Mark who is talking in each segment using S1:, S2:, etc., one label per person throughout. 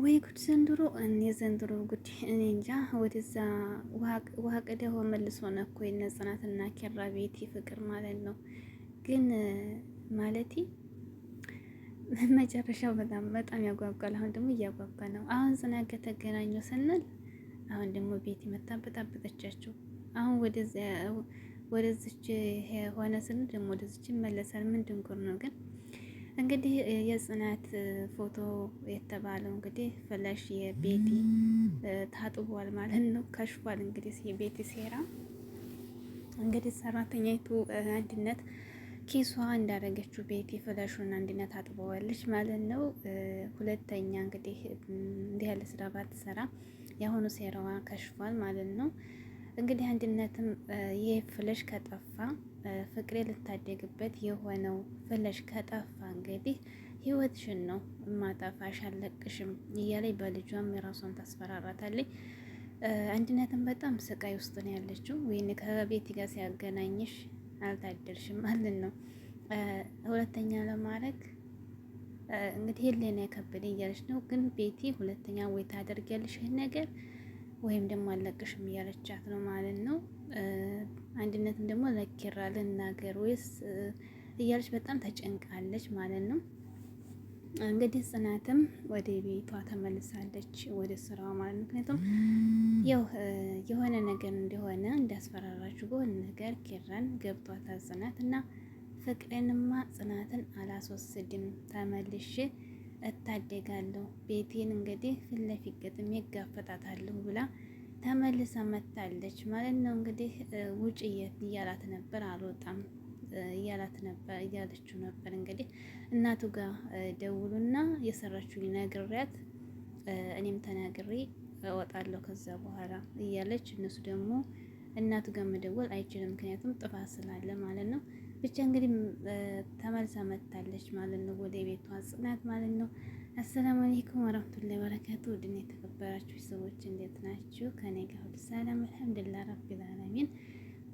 S1: ወይ ጉድ ዘንድሮ እኔ ዘንድሮ ጉድ እኔ እንጃ። ወደዛ ደሆ መልሶ መልሶን እኮ የነ ጽናትና ኪራ ቤት ፍቅር ማለት ነው። ግን ማለቴ መጨረሻው በጣም በጣም ያጓጓል። አሁን ደግሞ እያጓጓ ነው። አሁን ጽናት ጋር ተገናኙ ስንል አሁን ደግሞ ቤት መታ በጣበጠቻቸው። አሁን ወደዚች ሆነ ስንል ደግሞ ወደዚች ይመለሳል። ምን ድንጉር ነው ግን እንግዲህ የጽናት ፎቶ የተባለው እንግዲህ ፍለሽ የቤቲ ታጥቧል ማለት ነው፣ ከሽፏል። እንግዲህ የቤቲ ሴራ እንግዲህ ሰራተኛይቱ አንድነት ኪሷ እንዳደረገችው ቤቲ ፍለሹን አንድነት አጥበዋለች ማለት ነው። ሁለተኛ እንግዲህ እንዲህ ያለ ስራ ባትሰራ የአሁኑ ሴራዋ ከሽፏል ማለት ነው። እንግዲህ አንድነትም ይህ ፍለሽ ከጠፋ ፍቅሬ ልታደግበት የሆነው ፍለሽ ከጠፋ እንግዲህ ህይወትሽን ነው ማጠፋሽ፣ አለቅሽም እያለኝ በልጇም የራሷን ታስፈራራታለች። አንድነትን በጣም ስቃይ ውስጥ ነው ያለችው። ወይኔ ከቤት ጋር ሲያገናኝሽ አልታደርሽም ማለት ነው። ሁለተኛ ለማድረግ እንግዲህ ሌና የከበደ እያለች ነው። ግን ቤቲ ሁለተኛ ወይ ታደርጊያለሽ ይህን ነገር ወይም ደግሞ አለቅሽም እያለቻት ነው ማለት ነው። አንድነትም ደግሞ ለኪራ ልናገር ወይስ እያለች በጣም ተጨንቃለች ማለት ነው። እንግዲህ ጽናትም ወደ ቤቷ ተመልሳለች፣ ወደ ስራዋ ማለት ምክንያቱም ያው የሆነ ነገር እንደሆነ እንዳስፈራራችሁ በሆነ ነገር ኪራን ገብቷታል ጽናት እና ፍቅሬንማ ጽናትን አላስወስድም ተመልሼ እታደጋለሁ ቤቴን እንግዲህ ፊት ለፊት ግጥም ይጋፈጣታለሁ ብላ ተመልሳ መታለች ማለት ነው። እንግዲህ ውጭ እያላት ነበር፣ አልወጣም እያላት ነበር እያለችው ነበር። እንግዲህ እናቱ ጋር ደውሉና የሰራችውን ነግሬያት እኔም ተናግሬ እወጣለሁ ከዛ በኋላ እያለች እነሱ ደግሞ እናቱ ጋር መደወል አይችልም፣ ምክንያቱም ጥፋት ስላለ ማለት ነው። ብቻ እንግዲህ ተመልሳ መጥታለች ማለት ነው፣ ወደ ቤቷ ጽናት ማለት ነው። አሰላሙ አለይኩም ወራህመቱላሂ ወበረካቱ። ውድና የተከበራችሁ ሰዎች እንዴት ናችሁ? ከኔ ጋር ሁሉ ሰላም አልሐምዱሊላህ ረቢል ዓለሚን።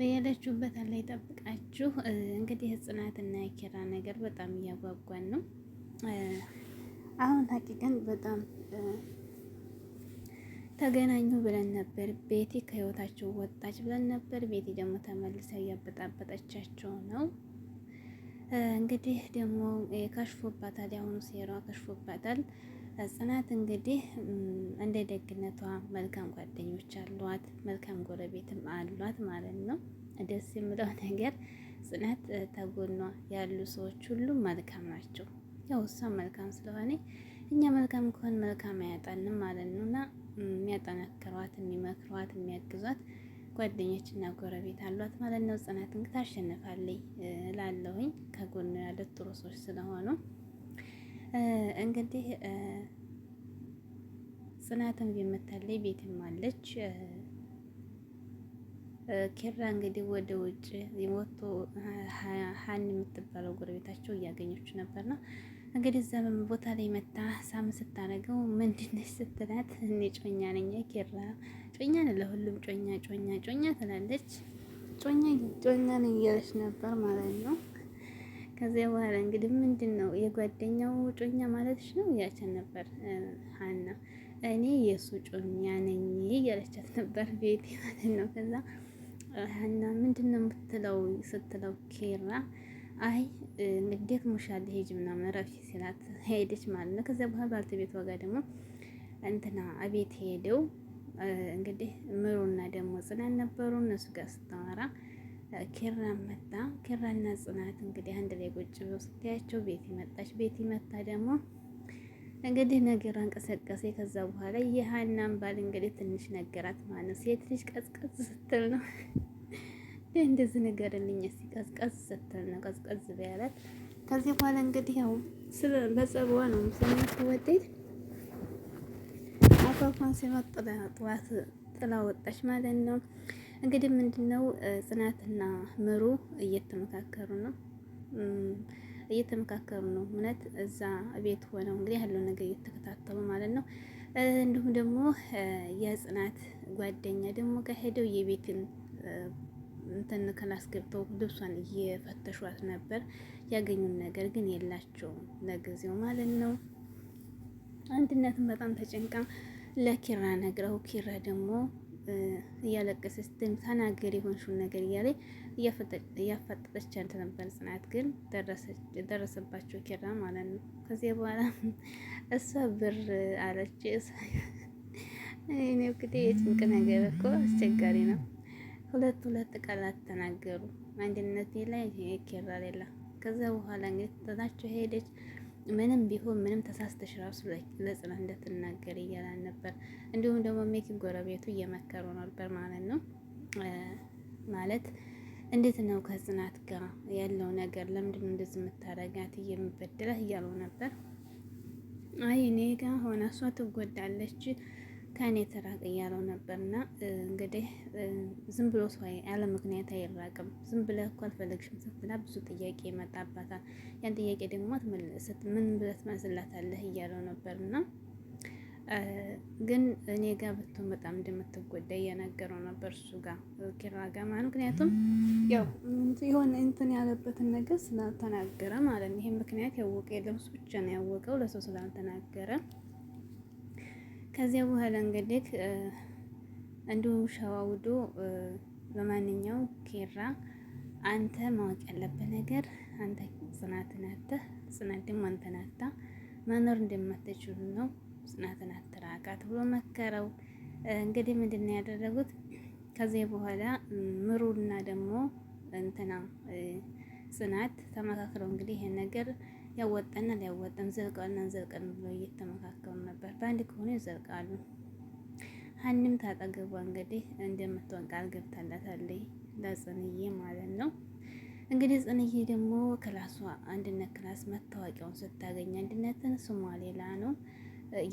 S1: በያላችሁበት አላህ ይጠብቃችሁ። እንግዲህ ጽናትና የኪራ ነገር በጣም እያጓጓን ነው። አሁን ሀቂቀን በጣም ተገናኙ ብለን ነበር። ቤቲ ከህይወታቸው ወጣች ብለን ነበር። ቤቲ ደግሞ ተመልሳ እያበጣበጠቻቸው ነው። እንግዲህ ደግሞ ከሽፎባታል፣ ያሁኑ ሴሯ ከሽፎባታል። ጽናት እንግዲህ እንደ ደግነቷ መልካም ጓደኞች አሏት፣ መልካም ጎረቤትም አሏት ማለት ነው። ደስ የምለው ነገር ጽናት ተጎኗ ያሉ ሰዎች ሁሉ መልካም ናቸው። ያው እሷ መልካም ስለሆነ እኛ መልካም ከሆን መልካም አያጣንም ማለት ነው እና የሚያጠናክሯት፣ የሚመክሯት፣ የሚያግዟት ጓደኞች እና ጎረቤት አሏት ማለት ነው። ጽናት እንግዲህ ታሸንፋለች እላለሁኝ። ከጎኑ ያሉት ጥሩ ሰዎች ስለሆኑ እንግዲህ ጽናትም የምታለይ ቤትም አለች። ኬራ እንግዲህ ወደ ውጭ ወጥቶ ሀን የምትባለው ጎረቤታቸው እያገኘች ነው እንግዲህ እዛ ቦታ ላይ መታ ሳም ስታደርገው ምንድነች ስትላት፣ እኔ ጮኛ ነኝ ኬራ ጮኛ ነ ለሁሉም ጮኛ ጮኛ ጮኛ ትላለች። ጮኛ ጮኛ ነኝ እያለች ነበር ማለት ነው። ከዚያ በኋላ እንግዲህ ምንድን ነው የጓደኛው ጮኛ ማለትሽ ነው እያለቻት ነበር ሀና። እኔ የእሱ ጮኛ ነኝ እያለቻት ነበር ቤት ማለት ነው። ከዛ ሀና ምንድን ነው የምትለው ስትለው ኬራ አይ ንግዴት ሙሻል ሄጅ ምናምን ረፊ ሲላት ሄደች ማለት ነው። ከዚያ በኋላ ባልተቤት ዋጋ ደግሞ እንትና አቤት ሄደው እንግዲህ ምሩና ደግሞ ጽናን ነበሩ። እነሱ ጋር ስታወራ ኪራ መጣ። ኪራና ጽናት እንግዲህ አንድ ላይ ቁጭ ብለው ስታያቸው ቤት መጣች። ቤት መጣ ደግሞ እንግዲህ ነገር አንቀሰቀሰ። ከዛ በኋላ የሀናን ባል እንግዲህ ትንሽ ነገራት ማለት ነው። ሴት ልጅ ቀዝቀዝ ስትል ነው እንደዚህ ነገር ልኝ ቀዝቀዝ ስትል ነው ቀዝቀዝ ቢያለት ከዚህ በኋላ እንግዲህ ያው ስለ በጸባዋ ነው ስለምትወደድ አፋፏን ሲመጥላ ጠዋት ጥላ ወጣች ማለት ነው። እንግዲህ ምንድነው ጽናትና ምሩ እየተመካከሩ ነው እየተመካከሩ ነው። እውነት እዛ ቤት ሆነው እንግዲህ ያለው ነገር እየተከታተሉ ማለት ነው። እንዲሁም ደግሞ የጽናት ጓደኛ ደግሞ ከሄደው የቤትን እንትን ክላስ ልብሷን እየፈተሿት ነበር። ያገኙን ነገር ግን የላቸውም ለጊዜው ማለት ነው። አንድነትን በጣም ተጨንቃ ለኪራ ነግረው ኪራ ደግሞ እያለቀሰች ስትል ተናገር የሆንሽውን ነገር እያለ እያፈጠጠች ያለ ነበር። ጽናት ግን ደረሰባቸው ኪራ ማለት ነው። ከዚያ በኋላ እሷ ብር አለች። እኔ እንግዲህ የጭንቅ ነገር እኮ አስቸጋሪ ነው። ሁለት ሁለት ቃላት ተናገሩ። አንድነቴ ላይ ኬራ ሌላ። ከዛ በኋላ እንግዲህ ትተናቸው ሄደች። ምንም ቢሆን ምንም ተሳስተሽ ራሱ ለጽናት እንደትናገር እያላን ነበር። እንዲሁም ደግሞ ሜኪ ጎረቤቱ እየመከሩ ነበር ማለት ነው። ማለት እንዴት ነው ከጽናት ጋር ያለው ነገር? ለምንድን ነው እንደዚህ የምታረጋት እየምበድላት እያለው ነበር። አይ እኔ ጋ ሆና እሷ ትጎዳለች ከእኔ ተራቅ እያለው ነበርና እንግዲህ ዝም ብሎ ሰው ያለ ምክንያት አይራቅም። ዝም ብለህ እኮ አልፈለግሽም ስትላ ብዙ ጥያቄ ይመጣባታል። ያን ጥያቄ ደግሞ ትመልሰት ምን ብለህ ትመልስላታለህ እያለው ነበርና ግን እኔ ጋር ብትሆን በጣም እንደምትጎዳ እየነገረው ነበር እሱ ጋር ኪራ ጋር ማለት ምክንያቱም ያው የሆነ እንትን ያለበትን ነገር ስላልተናገረ ማለት ነው። ይሄን ምክንያት ያወቀ የለም እሱ ብቻ ነው ያወቀው ለሰው ስላልተናገረ ከዚያ በኋላ እንግዲህ እንዲሁ ሸዋውዶ በማንኛው ኬራ አንተ ማወቅ ያለብህ ነገር አንተ ጽናትን አተህ ጽናት ደግሞ አንተን አታ መኖር እንደማትችሉ ነው። ጽናትን አትራቃት ብሎ መከረው። እንግዲህ ምንድን ነው ያደረጉት? ከዚያ በኋላ ምሩና ደግሞ እንትና ጽናት ተመካክረው እንግዲህ ይሄን ነገር ያወጣና ያወጣን ዘልቀናል ዘልቀን ብሎ እየተመካከሉ ነበር። በአንድ ከሆነ ይዘልቃሉ። ሀኒም ታጠገቧ እንግዲህ እንደምትሆን ቃል ገብታላታለች ለጽንዬ ማለት ነው። እንግዲህ ጽንዬ ደግሞ ክላሷ አንድነት ክላስ መታወቂያውን ስታገኝ አንድነትን ስሟ ሌላ ነው።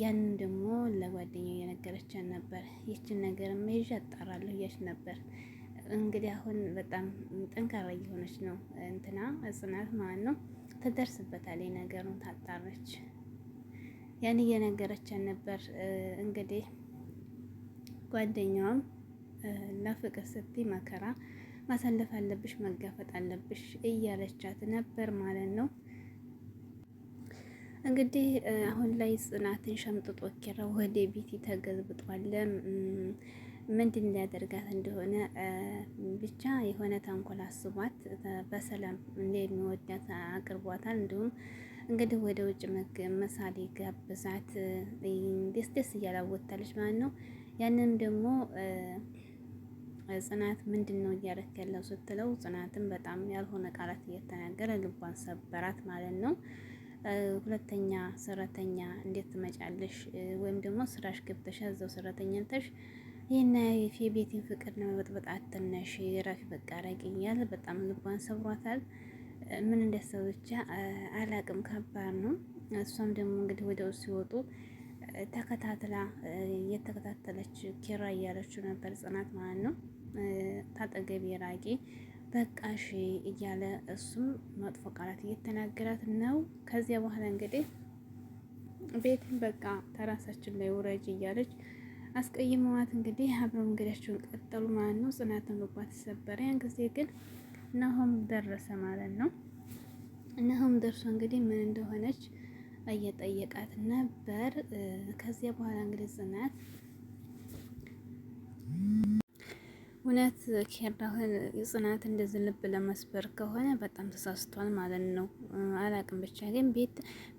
S1: ያንን ደግሞ ለጓደኛው እየነገረችን ነበር። ይችን ነገር መይዣ አጣራለሁ እያች ነበር። እንግዲህ አሁን በጣም ጠንካራ እየሆነች ነው እንትና ጽናት ማለት ነው። ትደርስበታለች፣ ነገሩን ታጣረች። ያን እየነገረችን ነበር። እንግዲህ ጓደኛዋም ለፍቅር ስቲ መከራ ማሳለፍ አለብሽ፣ መጋፈጥ አለብሽ እያለቻት ነበር ማለት ነው። እንግዲህ አሁን ላይ ጽናትን ሸምጥጦ ኪራ ወደ ቤቲ ተገልብጧል። ምንድን ሊያደርጋት እንደሆነ ብቻ የሆነ ተንኮል አስቧት በሰላም እንደሚወዳት አቅርቧታል። እንዲሁም እንግዲህ ወደ ውጭ መሳሌ ጋብዛት ደስ ደስ እያላወታለች ማለት ነው። ያንን ደግሞ ጽናት ምንድን ነው እያለች ያለው ስትለው ጽናትን በጣም ያልሆነ ቃላት እየተናገረ ልቧን ሰበራት ማለት ነው። ሁለተኛ ሰራተኛ እንዴት ትመጫለሽ? ወይም ደግሞ ስራሽ ገብተሻ እዛው ሰራተኛ ይህና የቤቲን ፍቅር ለመበጥበጥ አትነሽ ረፊ በቃ ረቂኛል። በጣም ልቧን ሰብሯታል። ምን እንደሰው ብቻ አላቅም። ከባድ ነው። እሷም ደግሞ እንግዲህ ወደ ውስጥ ሲወጡ ተከታትላ እየተከታተለች ኪራ እያለችው ነበር፣ ጽናት ማለት ነው። ታጠገቤ ራቂ በቃሽ እያለ እሱም መጥፎ ቃላት እየተናገራት ነው። ከዚያ በኋላ እንግዲህ ቤትን በቃ ተራሳችን ላይ ውረጅ እያለች አስቀይመዋት እንግዲህ አብረው እንግዳቸውን ቀጠሉ ማለት ነው። ጽናትን ልቧ ተሰበረ። ያን ጊዜ ግን ናሆም ደረሰ ማለት ነው። ናሆም ደርሶ እንግዲህ ምን እንደሆነች እየጠየቃት ነበር። ከዚያ በኋላ እንግዲህ ጽናት እውነት ኬራሁን ጽናት እንደዚህ ልብ ለመስበር ከሆነ በጣም ተሳስቷል ማለት ነው። አላቅም ብቻ ግን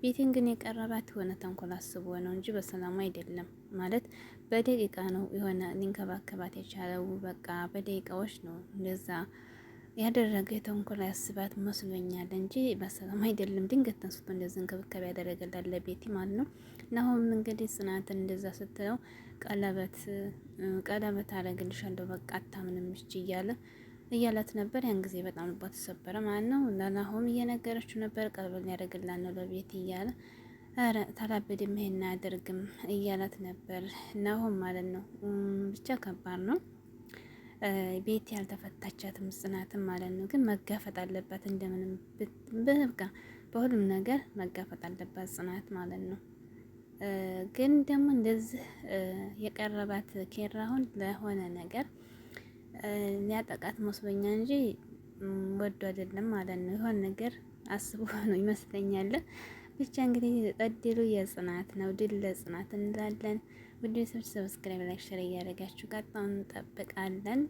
S1: ቤቴን ግን የቀረባት የሆነ ተንኮል አስቦ ነው እንጂ በሰላሙ አይደለም ማለት በደቂቃ ነው የሆነ ሊንከባከባት የቻለው። በቃ በደቂቃዎች ነው እንደዛ ያደረገ የተንኮል ያስባት መስሎኛል እንጂ በሰላም አይደለም። ድንገት ተንስቶ እንደዚህ እንክብካቤ ያደረገላለ ቤቲ ማለት ነው። ናሁም እንግዲህ ጽናትን እንደዛ ስትለው ቀለበት ቀለበት አረግልሻለሁ በቃ አታምንም እች እያለ እያላት ነበር። ያን ጊዜ በጣም ልቧ ተሰበረ ማለት ነው። ለናሆም እየነገረችው ነበር ቀለበት ሊያደርግላት ነው ለቤቲ እያለ ኧረ ታላበድም ይሄን አያደርግም እያላት ነበር ናሆም ማለት ነው። ብቻ ከባድ ነው። ቤት ያልተፈታቻትም ጽናትም ማለት ነው። ግን መጋፈጥ አለባት እንደምንም በቃ በሁሉም ነገር መጋፈጥ አለባት ጽናት ማለት ነው። ግን ደግሞ እንደዚህ የቀረባት ኬራሁን ለሆነ ነገር ሊያጠቃት መስሎኛ እንጂ ወዶ አይደለም ማለት ነው። የሆነ ነገር አስቦ ነው ይመስለኛል። ብቻ እንግዲህ እድሉ የጽናት ነው። ድል ለጽናት እንላለን። ውድ ሰብስክራይብ ላይክ ሸር እያደረጋችሁ ቀጣውን እንጠብቃለን።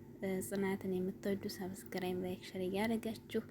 S1: ጽናትን የምትወዱ ሰብስክራይብ ላይክ ሸር እያደረጋችሁ